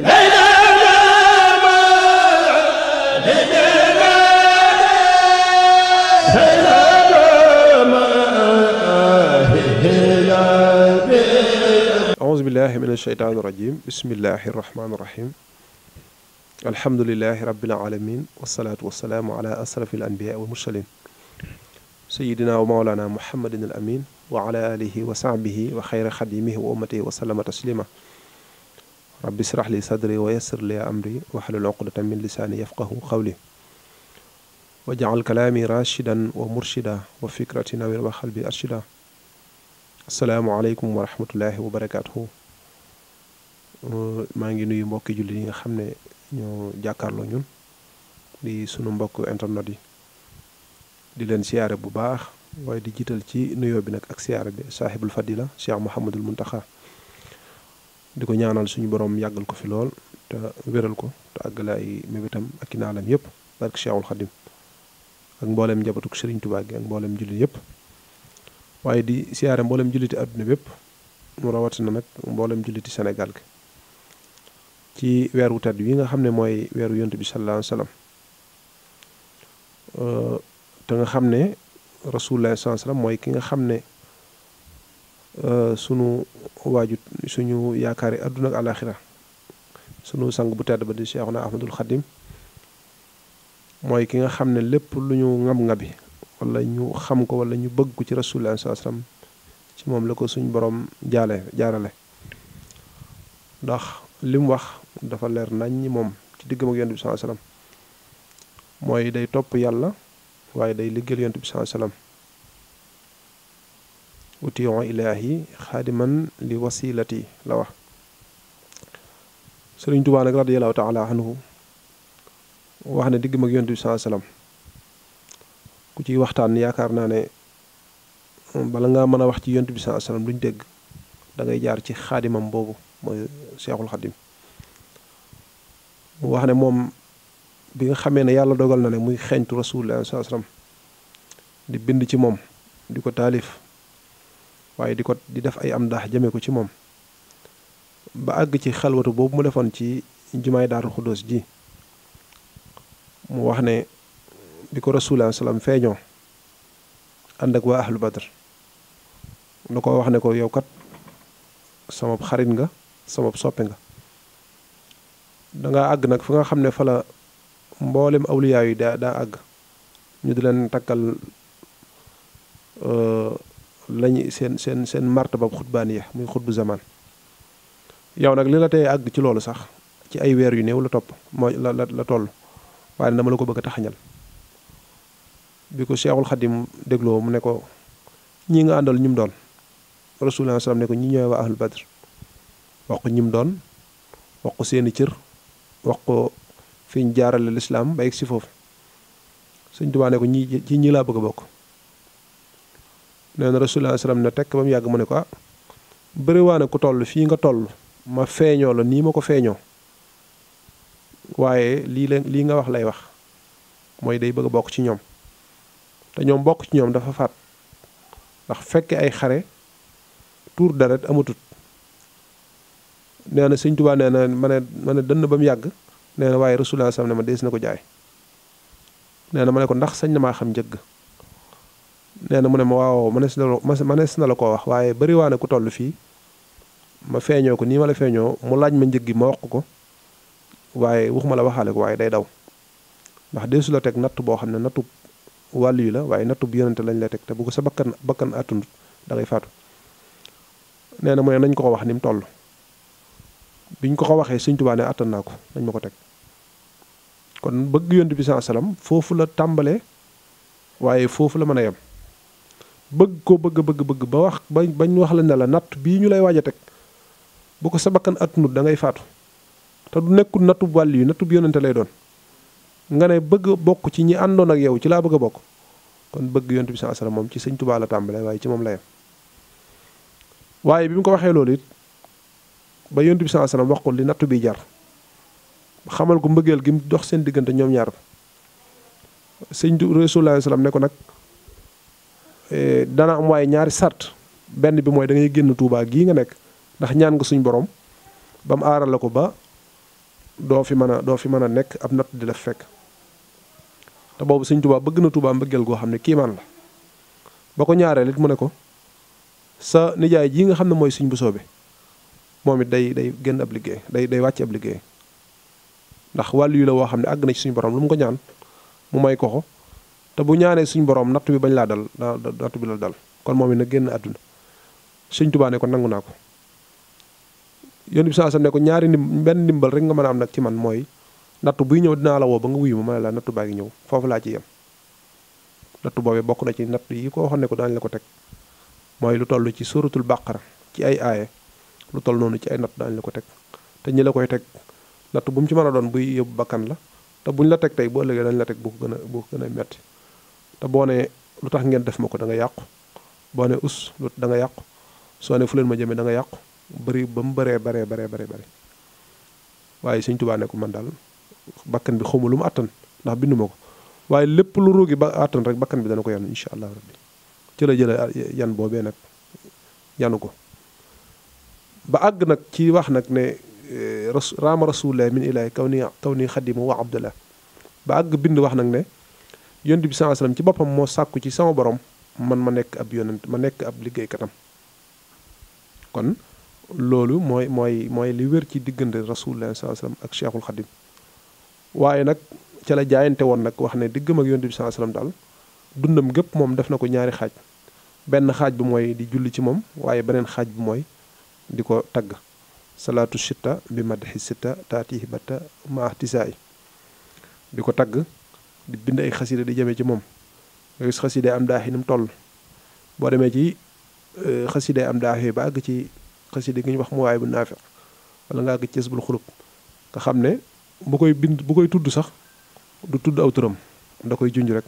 أعوذ بالله من الشيطان الرجيم بسم الله الرحمن الرحيم الحمد لله رب العالمين والصلاة والسلام على أسرف الأنبياء والمرسلين سيدنا ومولانا محمد الأمين وعلى آله وصحبه وخير خديمه وأمته وسلم تسليما a israh li sadri wa yassir li amri wahlul uqdatan min lisaani yafqahu qawli wa jacal kalaami rashidan wa murshida wa fikrati nawir wa xalbi arshida asalaamualeykum wa rahmatullahi wa barakaatuhu uh, maa ngi nuyu mbokki julli yi nga xam ne ñu jàkkaarloo ñun di sunu mbokk internet yi di leen siyaare bu baax waaye di jiital ci nuyoo bi nag ak siyaare bi saahibul fadila cheikh mohamadul muntaxa di ko ñaanal suñu borom yàggal ko fi lool te wéral ko te àggale ay mébétam ak i naalam yëpp barke Cheikhul Khadim ak mboolem njabatuk Serigne Touba gi ak mboolem jullit yëpp waaye di siyaare mboolem julliti àdduna bépp mu rawatina nag mboolem julliti Sénégal gi ci weer wu tedd wi nga xam ne mooy weeru yonent bi sallallahu alayhi wa sallam euh, te nga xam ne Rasulullah sallallahu alayhi wa mooy ki nga xam ne. Euh, sunu waaju suñu yaakaar yi àdduna àlaxira sunu sang bu tedd ba di Cheikhuna Ahmadul Xadim mooy ki nga xam ne lépp lu ñu ngab-ngabi wala ñu xam ko wala ñu bëgg ko ci rasulullah sallallahu alayhi wasallam ci moom la ko suñ borom jaale jaarale ndax li mu wax dafa leer nañ moom ci diggam ak yonent bi day topp yàlla waaye day liggéeyal yonent bi utiyon ilaahi xaadiman li wasilati la wax sëriñ tubaa nag radiallahu taala anhu wax ne digg mag yonent sa saa salaam ku ciy waxtaan yaakaar naa ne bala ngaa mën a wax ci yonent sa saa salaam duñ dégg dangay jaar ci xaadimam boobu mooy seexul xadim mu wax ne moom bi nga xamee ne yàlla dogal na ne muy xeeñtu rasulullah saa salaam di bind ci moom di ko taalif waaye di ko di def ay am ndax jëmee ko ci moom ba àgg ci xelwatu boobu mu defoon ci jumaay daarul xuddoos ji mu wax ne bi ko rasuulaa salaam feeñoo ànd ak waa ahlu badr da ko wax ne ko yow kat sama xarit nga sama soppe nga danga àgg nag fa nga xam ne fa la mboolem awliyaa yi daa daa àgg ñu di leen takkal euh, lañu seen seen seen martaba xutbaaniya muy xutbu zaman yow nag li la tey àgg ci loolu sax ci ay weer yu néew la topp mooy la la la toll waaye dama la ko bëgg a taxañal bi ko Seexul Xadim dégloo mu ne ko ñi nga àndal ñum doon Rasulullah sallam ne ko ñi ñooy waa ahlul badr wax ko ñim doon wax ko seeni cër wax ko fi ñu jaarale lislaam ba egg si foofu Sëñ Tuubaa ko ñi ci ñi laa bëgg a bokk nee na rasulullah sallam ne tekk ba mu yàgg mu ne ko ah bëriwaane ko toll fii nga toll ma feeñoo la nii ma ko feeñoo waaye lii la lii nga wax lay wax mooy day bëgg a bokk ci ñoom te ñoom bokk ci ñoom dafa faat ndax fekke ay xare tuur deret amatut nee na sëñ Tuubaa nee na ma ne ma ne dënn ba mu yàgg nee na waaye rasulullah sallam ne ma dees na ko jaay nee na ma ne ko ndax sañ na maa xam njëgg nee mu ne ma waaw mënees na mënees na la ko wax waaye bari waane toll fii ma feeñoo ko nii ma la feeñoo mu laaj ma njëg gi ma wax ko waaye waxuma la waxaale ko waaye day daw ndax deesu teg natt boo xam ne nattu wàllu yi la waaye nattu lañ lay teg te bu ko sa bakkan bakkan attund da ngay nee na mu ne nañ ko ko wax ni mu toll biñ ko ko waxee Sëñ Tuubaa ne attan naa ko nañ ma ko teg kon bëgg yonent bi saa salaam foofu la tàmbalee waaye foofu la mën a yem bëgg ko bëgg bëgg bëgg ba wax ba bañ wax la ne la natt bii ñu lay waaj a teg bu ko sa bakkan attanut da ngay faatu te du nekkul nattub wàll yu nattub yonente lay doon nga ne bëgg bokk ci ñi àndoon ak yow ci laa bëgg a bokk kon bëgg yonent bi saa sallam moom ci sëñ Tuubaa la tàmbalee waaye ci moom la yem waaye bi mu ko waxee loolu it ba yonent bi saa sallam wax li nattu bi jar xamal ko mbëggeel gi mu dox seen diggante ñoom ñaar sëñ Rasulullah sallam ne ko nag Eh, dana am waaye ñaari sart benn bi mooy dangay génn tuubaa gii nga nekk ndax ñaan nga suñ borom ba mu aarale ko ba doo fi mën a doo fi mën a nekk ab natt di la fekk te boobu suñ Touba bëgg na Touba mbëggeel goo xam ne kiimaan la ba ko ñaareel it mu ne ko sa nijaay jii nga xam ne mooy suñ bu soobee moom it day day génn ab liggéey day day wàcc ab liggéey ndax wàll yu la woo xam ne àgg na ci suñu borom lu mu ko ñaan mu may ko ko te bu ñaanee suñ borom natt bi bañ laa dal natt bi la dal kon moom it nag génn àdduna suñ tubaa ne ko nangu naa ko yoon bi saa ne ko ñaari ndim benn ndimbal rek nga mën a am nag ci man mooy nattu buy ñëw dinaa la woo ba nga wuyu ma ma ne la nattu baa ngi ñëw foofu laa ci yem nattu boobee bokk na ci natt yi ko waxoon ne ko daañu la ko teg mooy lu toll ci suratul bàqara ci ay aaye lu toll noonu ci ay natt daañu la ko teg te ñi koy teg natt bu mu ci mën a doon buy bakkan la te buñ la teg tey bu ëllëgee dañ la teg bu ko gën a bu metti te boo nee lu tax ngeen def ma ko danga yàqu boo ne us lu da yàqu soo ne fu leen ma jëmee da nga yàqu bëri ba mu bëree baree baree baree bëri waaye Sëñ Tuubaa ne man daal bakkan bi xawma lu mu attan ndax bindu ma ko waaye lépp lu ruugi ba attan rek bakkan bi dana ko yan incha allah rabbi ci la jëla ah, yan boobee nag yanu ko ba àgg nag ci wax nag ne eh, raama rasulullah min ilahi kaw ni kaw ni xadimu wax abdullah ba àgg bind wax nag ne yonent bi sallallahu alayhi ci boppam moo sàkku ci sama borom man ma nekk ab yonent ma nekk ab liggéeykatam kon loolu mooy mooy mooy li wér ci diggante rasulullah sallallahu ak cheikhul xadim waaye nag ca la jaayante woon nag wax ne diggam ak yonent bi sallallahu alayhi daal dundam gépp moom def na ko ñaari xaaj benn xaaj bi mooy di julli ci moom waaye beneen xaaj bi mooy di ko tagg salaatu shitta bi madhi sitta taatihi batta ma ahtisaay di ko tagg di bind ay xasida di jëmee ci moom nga gis xasida am daax yi ni mu toll boo demee ci euh, xasida am daax yi ba àgg ci xasida gi ñu wax mu waay bu naafiq wala nga àgg ci Hisbul Xulub xam ne bu koy bind bu koy tudd sax du tudd aw turam nda koy junj rek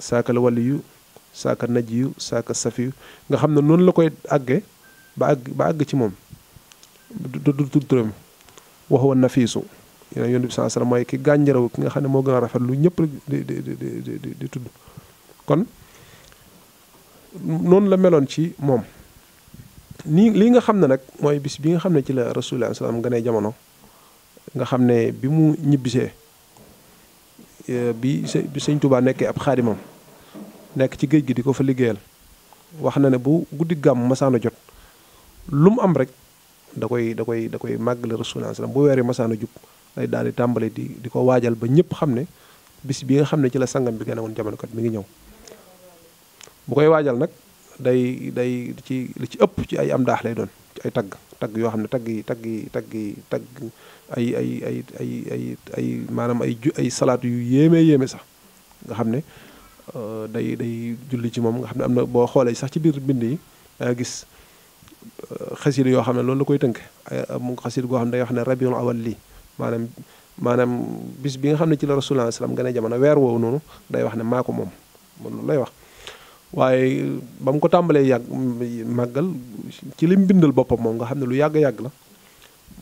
saaka la wàlli yu saaka naj yu saaka safiyu nga xam ne noonu la koy àggee ba àgg ba àgg ci moom du tudd turam wax wa nafiisu yonent bi saa salaam mooy ki gànjaraw ki nga xam ne moo gën a rafet lu ñëpp di di di tudd kon noonu la meloon ci moom. nii li nga xam ne nag mooy bis bi nga xam ne ci la rasulullah salaam gane jamono nga xam ne bi mu ñibbisee e, bi bi sëñ Tuubaa nekkee ab xaadimam nekk ci géej gi di ko fa liggéeyal wax na ne bu guddi gàmm masaana jot lu mu am rek da koy da koy da koy màggal rasulullah salaam bu weeree masaana jub lay daal di tàmbali di di ko waajal ba ñëpp xam ne bis bi nga xam ne ci la sangam bi gën a woon jamono kat mi ngi ñëw bu koy waajal nag day day ci li ci ëpp ci ay am daax lay doon ay tagg tagg yoo xam ne tagg yi tagg tagg yi tagg ay ay maanaam ay ju ay salaat yu yéeme yéeme sax nga xam ne euh, day day julli ci moom nga xam ne am na boo xoolee sax ci biir bind yi da gis euh, xasida yoo xam ne loolu la koy tënk mu xasida goo xam ne day wax ne rabiul awal lii maanaam maanaam bis bi nga xam ne ci la rasulullah salaam gën a jamono weer woowu noonu day wax ne maa ko moom loolu lay wax waaye ba mu ko tàmbalee yàgg màggal ci lim bindal boppam moom nga xam ne lu yàgg-yàgg la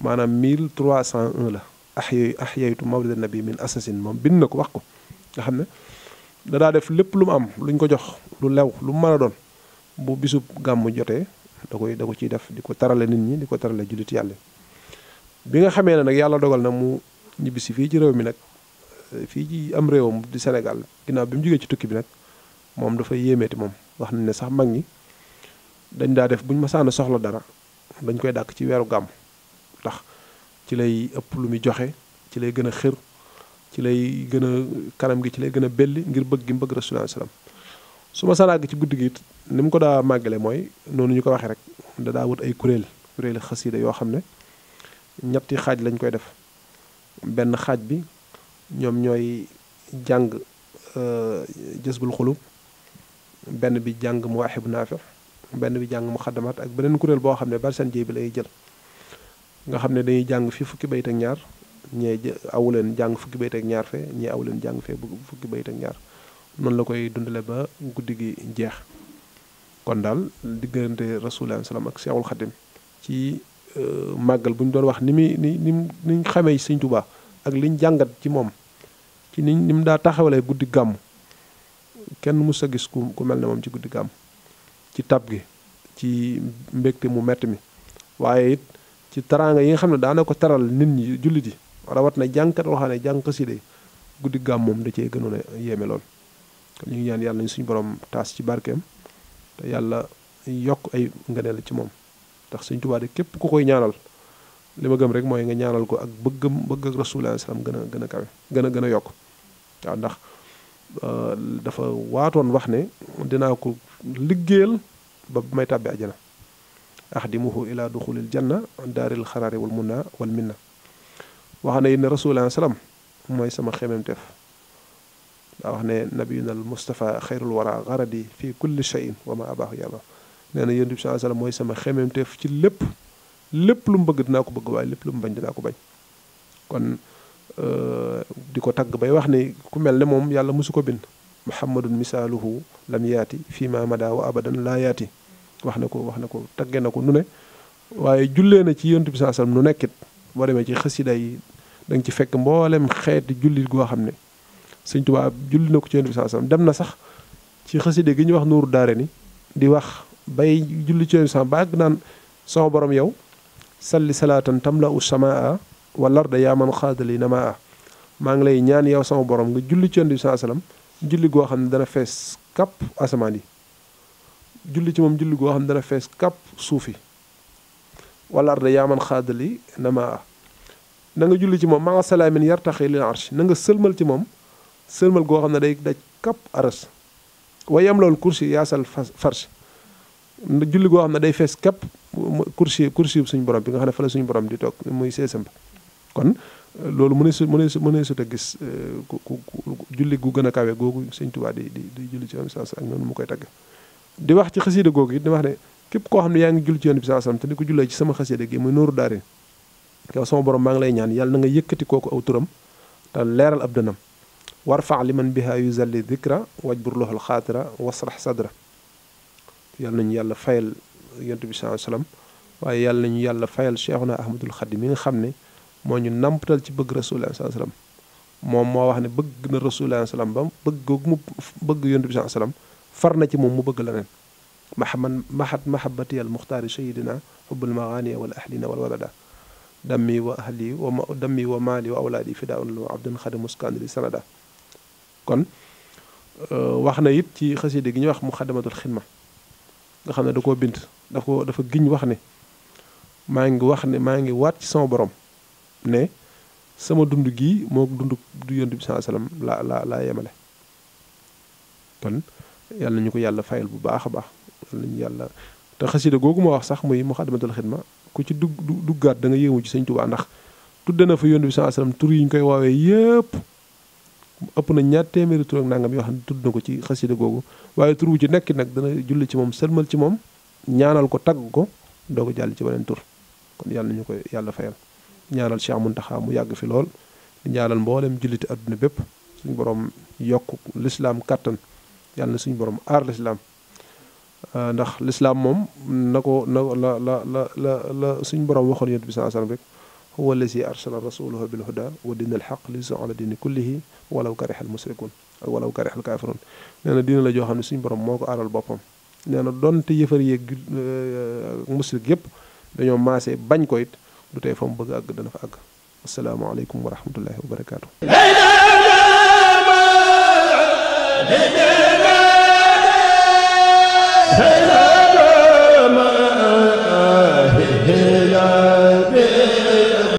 maanaam 1301 la axyay axyaytu mawlida nabi min assasine moom bind na ko wax ko nga xam ne dadaa def lépp lu mu am luñ ko jox lu lew lu mu a doon bu bisub gàmmu jotee da koy da ko ciy def di ko tarale nit ñi di ko tarale jullit yàlla bi nga xamee ne nag yàlla dogal na mu ñibbisi fii ci réew mi nag fii ci am réewam di Sénégal ginnaaw bi mu jógee ci tukki bi nag moom dafay yéemeeti moom wax nañ ne sax mag ñi dañ daa def buñ ma sànn soxla dara dañ koy dàkk ci weeru gàmm ndax ci lay ëpp lu muy joxe ci lay gën a xër ci lay gën a kanam gi ci lay gën a belli ngir bëgg gi mu bëgg Rasulullah sallam su ma sanaag ci guddi gi ni mu ko daa màggale mooy noonu ñu ko waxee rek da daa ay kuréel kuréeli yoo xam ne ñetti xaaj lañ koy def benn xaaj bi ñoom ñooy jàng euh, jësbul xulub benn bi jàng mu waaxibu naafi benn bi jàng mu xaddamaat ak beneen kuréel boo xam ne bari seen jéy bi lañuy jël nga xam ne dañuy jàng fi fukki bayit ak ñaar ñee awu jàng fukki bayit ak ñaar fee ñee leen jàng fee fukki bayit ak ñaar noonu la koy dundale ba guddi gi jeex kon daal diggante rasulilah salaam ak seexul xadim ci Euh, màggal bu ñu doon wax ni muy ni ni ni ñu xamee suñ Tuubaa ak liñ jàngat ci moom ci ni ni mu daa taxawalee guddi gàmm kenn mu sa gis ku ku mel ne moom ci guddi gàmm ci tab gi ci mbégte mu metti mi waaye it ci taraanga yi nga xam ne daana ko taral nit ñi jullit yi rawat na jàngkat waxaa ne jàng xasida guddi gàmm moom da cee gënoon a yéeme lool kon ñu ngi ñaan yàlla nañ suñu borom taas ci barkeem te yàlla yokk ay ngëneel ci moom ndax sëñ Tuubaa képp ku koy ñaanal li ma gëm rek mooy nga ñaanal ko ak bëggam bëgg ak salaam gën a gën a kawe gën a gën a yokk waaw ndax euh, dafa waatoon wax ne dinaa ko liggéeyal ba may tàbbi àjjana ahdimuhu ila duxulil janna daaril xaraari wal munna wal minna wax na yi ne rasulullah salaam mooy sama xememteef daa wax ne nabiyuna al mustafa xayrul wara garadi fi kulli cheyin wa ma abaahu yàlla nee na yonent bi sallallahu alayhi mooy sama xememteef ci lépp lépp lu mu bëgg dinaa ko bëgg waaye lépp lu mu bañ dinaa ko bañ kon euh, di ko tagg bay wax ni ku mel ne moom yàlla mosu ko bind muhammadun misaaluhu lam yaati fii ma mada wa abadan laa yaati wax na ko wax na ko tagge na ko nu ne waaye jullee na ci yonent bi sallallahu alayhi wasallam nu nekkit boo demee ci xasida yi ci fekk mboolem xeeti jullit goo xam ne sëñ Tuubaa julli na ko ci yonent bi sallallahu alayhi dem na sax ci xasida gi ñu wax nuuru daare ni di wax bay julli ci sama baag naan sama boroom yow salli salaatan tamla u samaa wal arda yaa man xaadali namaa maa ngi lay ñaan yow sama borom nga julli ci yonent saa salaam julli goo xam ne dana fees kàpp asamaan yi julli ci moom julli goo xam ne dana fees kàpp suufi yi wal arda yaa man xaadali namaa na julli ci moom maa salaamin yartaxi lil arsh na nga sëlmal ci moom sëlmal goo xam ne day daj kàpp aras wa yam loolu kursi yaasal farsh julli goo xam ne day fees képp kursi kursi suñ borom bi nga xam ne fa la suñu borom di toog muy seesam kon loolu mu ne su mu ne su mu ne sut a gis eh, ku ku julli gu gën a kawe googu sëñ Tuubaa di di di julli ci yoon bi saas ak mu koy tagg di wax ci xasida googu it di wax ne képp koo xam ne yaa ngi julli ci yoon bi te di ko jullee ci sama xasida gi muy nooru daarin yow sama borom maa ngi lay ñaan yàlla na nga yëkkati kooku aw turam te leeral ab dënam warfax li man biha yuzalli dikra wajbur lohal xaatira wasrax sadra yàlla nañu yàlla fayal yontu bi waaye yàlla nañu yàlla fayal Cheikhuna Ahmadul Xadim mi nga xam ne moo ñu nampatal ci bëgg rasulullah saa salaam moom moo wax ne bëgg na rasulullah salaam ba bëgg mu bëgg yontu bi saa salaam far na ci moom mu bëgg leneen mahamad mahad mahabati al muxtaari sayidina xubbul maxaaniya wal ahlina wal walada dammi wa ahli wa ma dammi wa maali wa awlaadi fidaa un lu abdin xadim muskandiri sanada kon euh, wax na it ci xasida gi ñuy wax mu xadamatul xidma nga xam ne da koo bind da ko dafa giñ wax ni maa ngi wax ne maa ngi waat ci sama borom ne sama dund gii moo dund du yonent bi sallallahu alayhi laa laa yemale kon yàlla ñu ko yàlla fayal bu baax a baax yàlla ñu yàlla te xasida googu wax sax muy muxaddamatul xidma ku ci dugg duggaat da nga yéemu ci sëñ Tuubaa ndax tudde na fa yonent bi sallallahu alayhi wasallam tur yi ñu koy woowee yëpp ëpp nañ ñaar téeméeri tur ak nangam yoo xam ne tudd na ko ci xasida googu waaye tur wu ci nekk nag dana julli ci moom sëlmal ci moom ñaanal ko tagg ko doo ko jàll ci beneen tur kon yàlla nañu koy yàlla fayal ñaanal Cheikh Mountakha mu yàgg fi lool di ñaanal mboolem julliti adduna bépp suñ borom yokk lislaam kàttan yàlla na suñu borom aar lislaam ndax lislaam moom na ko na la la la la la suñu borom waxoon yonent bi sa alayhi rek huwa allazi arsala rasulahu bilhuda wa dinil xaq li yusa ala dini kullihi walaw karihal musrikun ak walaw karihal kafirun nee na la joo xam ne suñu borom moo ko aral boppam nee na donte yëfar yeeg musrik yëpp dañoo maasee bañ ko it du tey fa mu bëgg àgg dana fa àgg asalaamaaleykum wa rahmatullahi wa barakaatu.